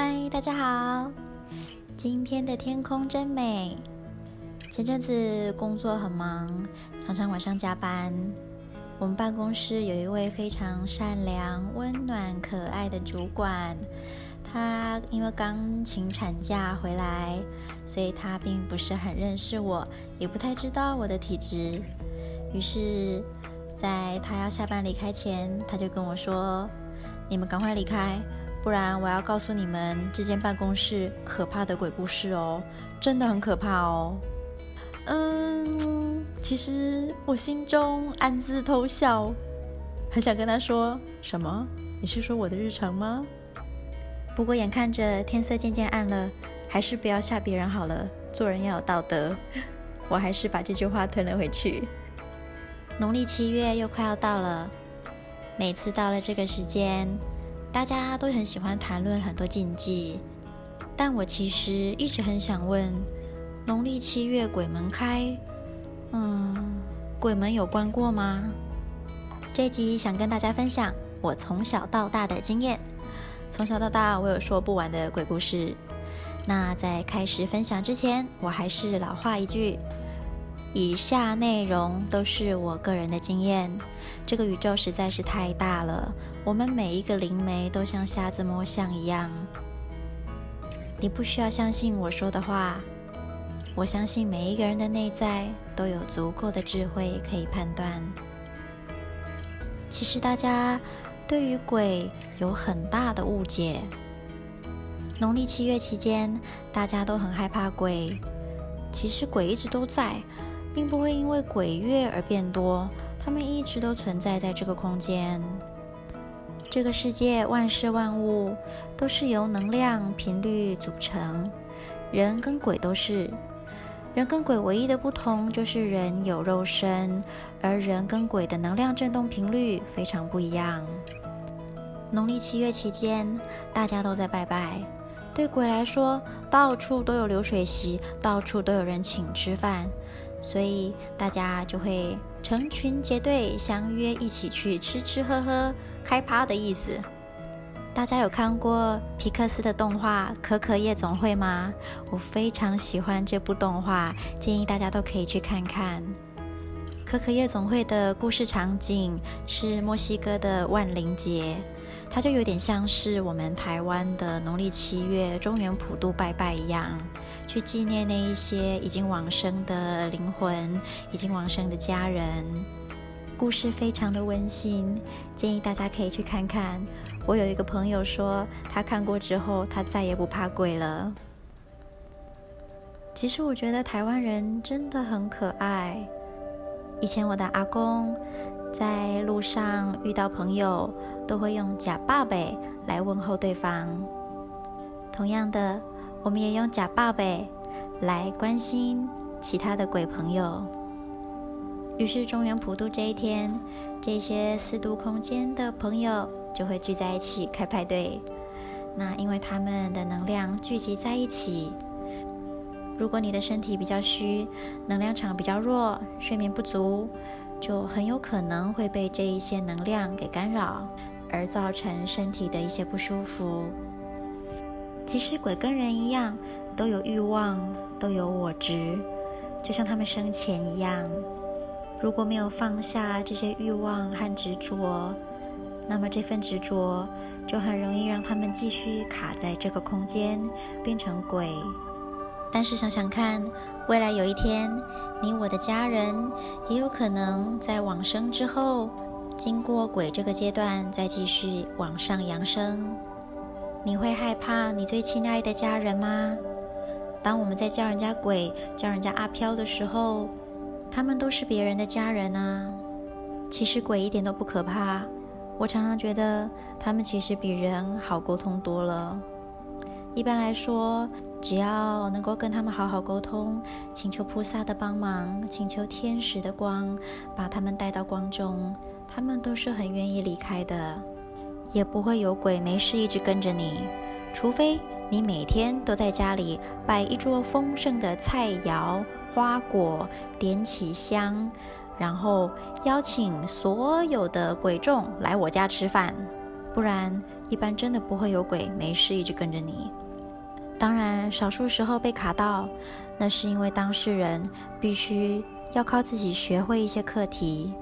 嗨，大家好！今天的天空真美。前陣子工作很忙，常常晚上加班。我們辦公室有一位非常善良、溫暖、可愛的主管。她因為剛請產假回來，所以她並不是很認識我，也不太知道我的體質。於是，在她要下班離開前，她就跟我說：“你們趕快離開。”不然我要告訴你們這間辦公室可怕的鬼故事哦，真的很可怕哦。嗯，其實我心中暗自偷笑，很想跟他說：「什麼？你是說我的日程嗎？」不過眼看着天色漸漸暗了，還是不要嚇別人好了。做人要有道德，我還是把這句話吞了回去。農曆七月又快要到了，每次到了這個時間，大家都很喜歡談論很多禁忌，但我其實一直很想問：農曆七月鬼門開，嗯，鬼門有關過嗎？這集想跟大家分享我從小到大的經驗。從小到大，我有說不完的鬼故事。那在開始分享之前，我還是老話一句。以下內容都是我個人的經驗。這個宇宙實在是太大了，我們每一個靈媒都像瞎子摸象一樣。你不需要相信我說的話，我相信每一個人的內在都有足夠的智慧可以判斷。其實大家對於鬼有很大的誤解。農曆七月期間，大家都很害怕鬼，其實鬼一直都在。並不會因為鬼月而變多，他們一直都存在在這個空間。這個世界萬事萬物都是由能量頻率組成，人跟鬼都是。人跟鬼唯一的不同就是人有肉身，而人跟鬼的能量振動頻率非常不一樣。農曆七月期間，大家都在拜拜，對鬼來說，到處都有流水席，到處都有人請吃飯。所以大家就會成群結隊相約一起去吃吃喝喝，開趴的意思。大家有看過皮克斯的動畫《可可夜總會》嗎？我非常喜歡這部動畫，建議大家都可以去看看。《可可夜總會》的故事場景是墨西哥的萬靈節。它就有點像是我們台灣的農曆七月中元普渡拜拜一樣，去紀念那一些已經往生的靈魂，已經往生的家人。故事非常的溫馨，建議大家可以去看看。我有一個朋友說，他看過之後，他再也不怕鬼了。其實我覺得台灣人真的很可愛。以前我的阿公，在路上遇到朋友。都會用“假報備”來問候對方。同樣的，我們也用“假報備”來關心其他的鬼朋友。於是，中元普渡這一天，這些四度空間的朋友就會聚在一起開派對。那因為他們的能量聚集在一起，如果你的身體比較虛，能量場比較弱，睡眠不足，就很有可能會被這一些能量給干擾。而造成身體的一些不舒服。其實鬼跟人一樣，都有慾望，都有我執，就像他們生前一樣。如果沒有放下這些慾望和執着，那麼這份執着就很容易讓他們繼續卡在這個空間，變成鬼。但是想想看，未來有一天，你我的家人也有可能在往生之後。經過鬼這個階段，再繼續往上揚升，你會害怕你最親愛的家人嗎？當我們在叫人家鬼、叫人家阿飄的時候，他們都是別人的家人啊。其實鬼一點都不可怕，我常常覺得他們其實比人好溝通多了。一般來說，只要能夠跟他們好好溝通，請求菩薩的幫忙，請求天使的光，把他們帶到光中。他們都是很願意離開的，也不會有鬼沒事一直跟着你，除非你每天都在家裡擺一桌豐盛的菜餚、花果，點起香，然後邀請所有的鬼眾來我家吃飯，不然一般真的不會有鬼沒事一直跟着你。當然，少數時候被卡到，那是因為當事人必須要靠自己學會一些課題。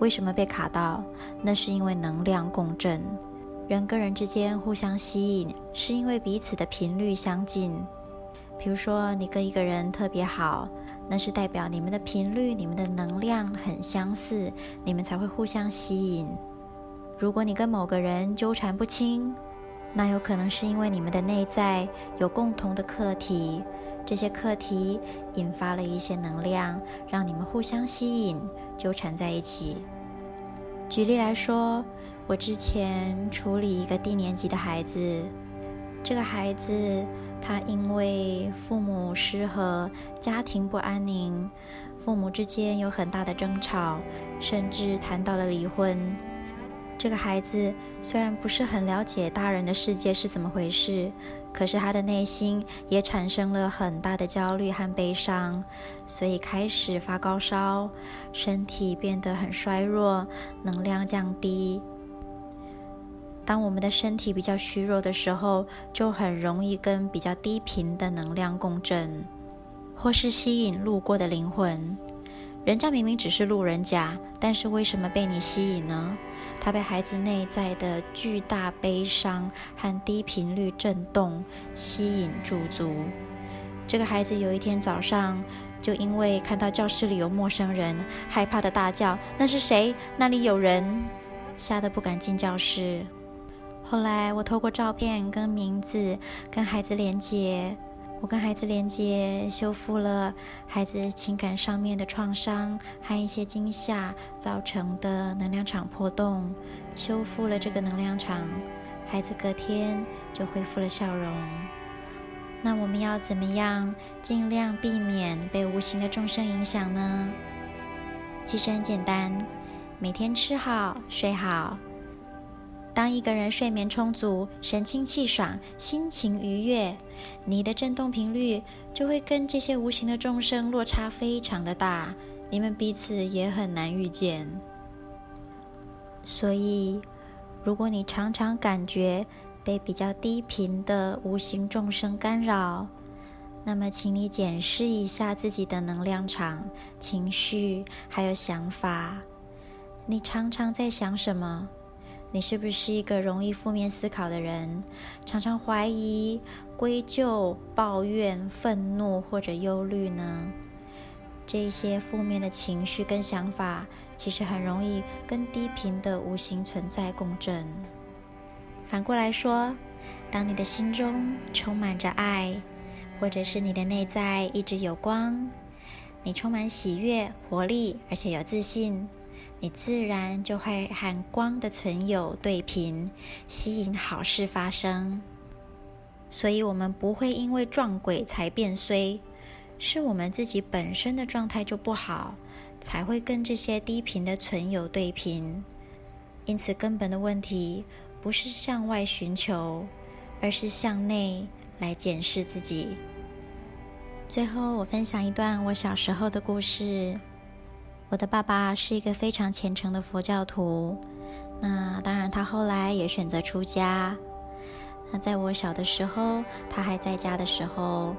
為什麼被卡到？那是因為能量共振。人跟人之間互相吸引，是因為彼此的頻率相近。比如說，你跟一個人特別好，那是代表你們的頻率，你們的能量很相似，你們才會互相吸引。如果你跟某個人糾纏不清，那有可能是因為你們的內在有共同的課題。這些課題引發了一些能量，讓你們互相吸引、糾纏在一起。舉例來說，我之前處理一個低年級的孩子，這個孩子他因為父母失和、家庭不安寧，父母之間有很大的爭吵，甚至談到了離婚。這個孩子雖然不是很了解大人的世界是怎麼回事。可是他的內心也產生了很大的焦慮和悲傷，所以開始發高燒，身體變得很衰弱，能量降低。當我們的身體比較虛弱的時候，就很容易跟比較低頻的能量共振，或是吸引路過的靈魂。人家明明只是路人甲，但是為什麼被你吸引呢？他被孩子內在的巨大悲傷和低頻率震動吸引駐足，足。這個孩子有一天早上，就因為看到教室裡有陌生人，害怕地大叫：“那是誰？那裡有人！”嚇得不敢進教室。後來我透過照片跟名字跟孩子連接。我跟孩子連接，修復了孩子情感上面的創傷和一些驚嚇造成的能量場破洞，修復了這個能量場，孩子隔天就恢復了笑容。那我們要怎麼樣盡量避免被無形的眾生影響呢？其實很簡單，每天吃好睡好。當一個人睡眠充足、神清氣爽、心情愉悅，你的振動頻率就會跟這些無形的眾生落差非常的大，你們彼此也很難遇見。所以，如果你常常感覺被比較低頻的無形眾生干擾，那麼請你檢視一下自己的能量場、情緒還有想法，你常常在想什麼？你是不是一個容易負面思考的人？常常懷疑、歸咎、抱怨、憤怒或者憂慮呢？這些負面的情緒跟想法，其實很容易跟低頻的無形存在共振。反過來說，當你的心中充滿着愛，或者是你的內在一直有光，你充滿喜悅、活力，而且有自信。你自然就會和光的存有對頻，吸引好事發生。所以，我們不會因為撞鬼才變衰，是我們自己本身的狀態就不好，才會跟這些低頻的存有對頻。因此，根本的問題不是向外尋求，而是向內來檢視自己。最後，我分享一段我小時候的故事。我的爸爸是一個非常虔誠的佛教徒，那當然他後來也選擇出家。那在我小的時候，他還在家的時候，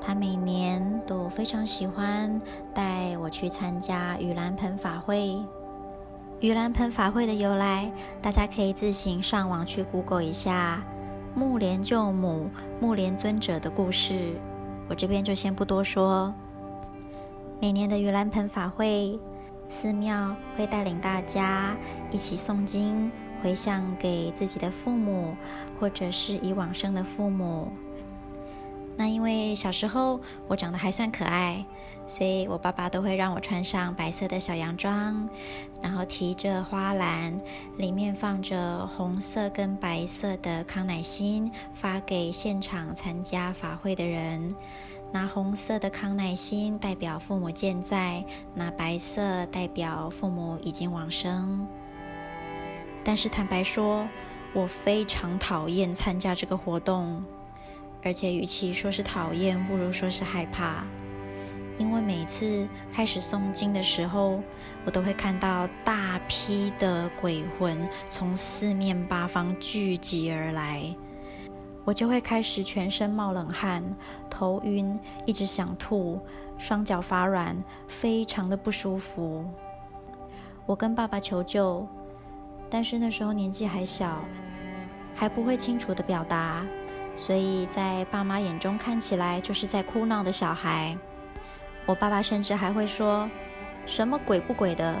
他每年都非常喜歡帶我去參加盂蘭盆法會。盂蘭盆法會的由來，大家可以自行上網去 Google 一下目連救母、目連尊者的故事。我這邊就先不多說。每年的盂蘭盆法會，寺廟會帶領大家一起誦經，回向給自己的父母，或者是已往生的父母。那因為小時候我長得還算可愛，所以我爸爸都會讓我穿上白色的小洋裝，然後提着花籃，裡面放着紅色跟白色的康乃馨，發給現場參加法會的人。拿紅色的康乃馨代表父母健在，拿白色代表父母已經往生。但是坦白說，我非常討厭參加這個活動，而且與其說是討厭，不如說是害怕，因為每次開始誦經的時候，我都會看到大批的鬼魂從四面八方聚集而來。我就會開始全身冒冷汗、頭暈，一直想吐，雙腳發軟，非常的不舒服。我跟爸爸求救，但是那時候年紀還小，還不會清楚的表達，所以在爸媽眼中看起來就是在哭鬧的小孩。我爸爸甚至還會說什麼“鬼不鬼的”，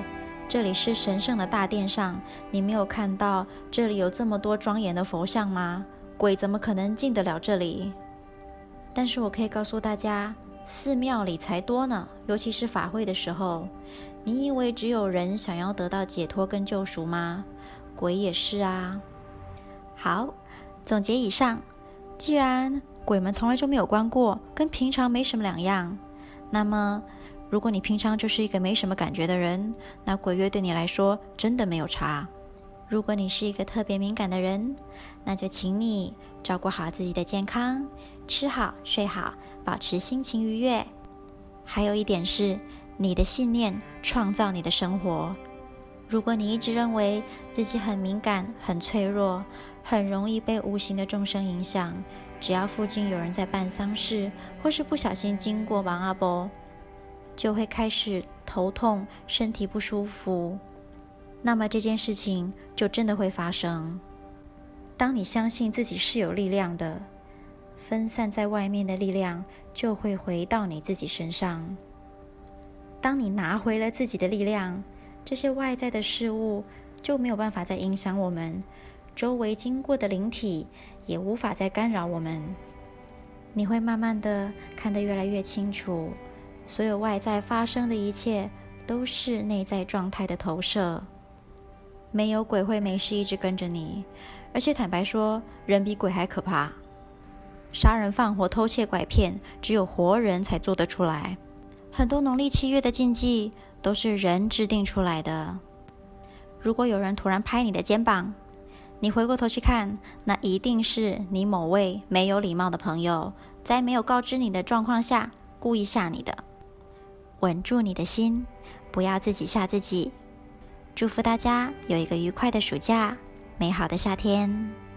這裡是神聖的大殿上，你沒有看到這裡有這麼多莊嚴的佛像嗎？鬼怎麼可能進得了這裡？但是我可以告訴大家，寺廟裡才多呢，尤其是法會的時候。你以為只有人想要得到解脫跟救贖嗎？鬼也是啊。好，總結以上，既然鬼門從來就沒有關過，跟平常沒什麼兩樣，那麼如果你平常就是一個沒什麼感覺的人，那鬼月對你來說真的沒有差。如果你是一個特別敏感的人。那就請你照顧好自己的健康，吃好睡好，保持心情愉悅。還有一點是，你的信念創造你的生活。如果你一直認為自己很敏感、很脆弱，很容易被無形的眾生影響，只要附近有人在辦喪事，或是不小心經過王阿伯，就會開始頭痛、身體不舒服，那麼這件事情就真的會發生。當你相信自己是有力量的，分散在外面的力量就會回到你自己身上。當你拿回了自己的力量，這些外在的事物就沒有辦法再影響我們，周圍經過的靈體也無法再干擾我們。你會慢慢的看得越來越清楚，所有外在發生的一切都是內在狀態的投射，沒有鬼會沒事一直跟着你。而且坦白說，人比鬼還可怕。殺人放火、偷竊拐騙，只有活人才做得出來。很多農曆七月的禁忌都是人制定出來的。如果有人突然拍你的肩膀，你回過頭去看，那一定是你某位沒有禮貌的朋友，在沒有告知你的狀況下，故意嚇你的。穩住你的心，不要自己嚇自己。祝福大家有一個愉快的暑假。美好的夏天。